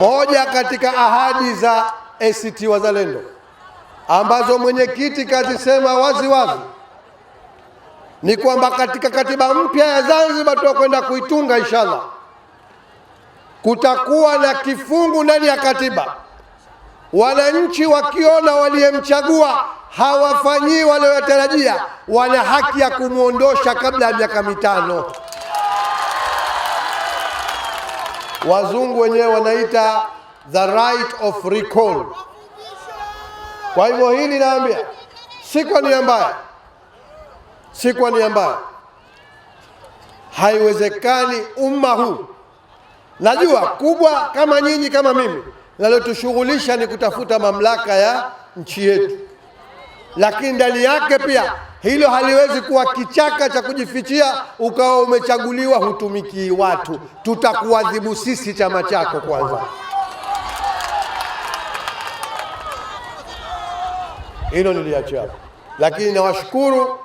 Moja katika ahadi za ACT Wazalendo ambazo mwenyekiti kazisema wazi wazi ni kwamba katika katiba mpya ya Zanzibar tutakwenda kuitunga inshallah, kutakuwa na kifungu ndani ya katiba, wananchi wakiona waliyemchagua hawafanyii wanayotarajia, wana haki ya kumwondosha kabla ya miaka mitano. wazungu wenyewe wanaita the right of recall. Kwa hivyo hili naambia, si kwa nia mbaya, si kwa nia mbaya, haiwezekani umma huu. Najua kubwa kama nyinyi kama mimi, linalotushughulisha ni kutafuta mamlaka ya nchi yetu, lakini ndani yake pia hilo haliwezi kuwa kichaka cha kujifichia ukawa umechaguliwa hutumikii watu. Tutakuadhibu sisi chama chako kwanza. Hilo niliacha, lakini nawashukuru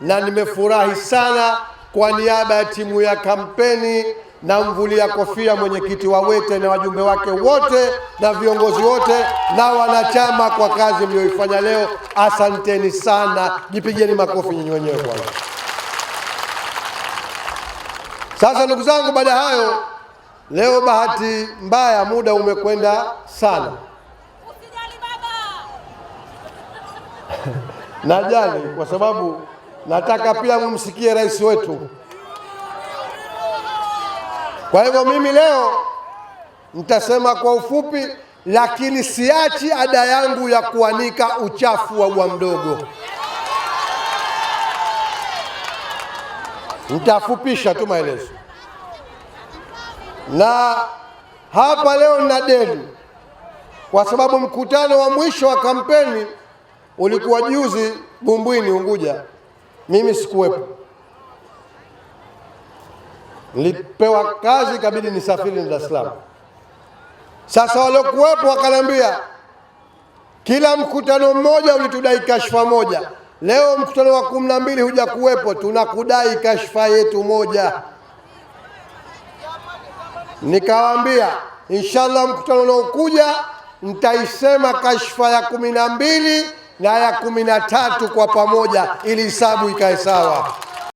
na nimefurahi sana kwa niaba ya timu ya kampeni mvulia kofia mwenyekiti wa Wete na wajumbe wake wote na viongozi wote na wanachama kwa kazi mlioifanya leo. Asanteni sana, jipigeni makofi nyinyi wenyewe kwanza. Sasa ndugu zangu, baada ya hayo, leo bahati mbaya muda umekwenda sana najali, kwa sababu nataka pia mumsikie rais wetu. Kwa hivyo mimi leo nitasema kwa ufupi, lakini siachi ada yangu ya kuanika uchafu wa bwa mdogo. Nitafupisha tu maelezo, na hapa leo nina deni, kwa sababu mkutano wa mwisho wa kampeni ulikuwa juzi Bumbwini Unguja, mimi sikuwepo nilipewa kazi, kabidi nisafiri na Dar es Salaam. Sasa waliokuwepo wakanambia kila mkutano mmoja ulitudai kashfa moja. Leo mkutano wa kumi na mbili huja kuwepo, tunakudai kashfa yetu moja. Nikawaambia inshallah, mkutano unaokuja nitaisema kashfa ya kumi na mbili na ya kumi na tatu kwa pamoja, ili hisabu ikae sawa.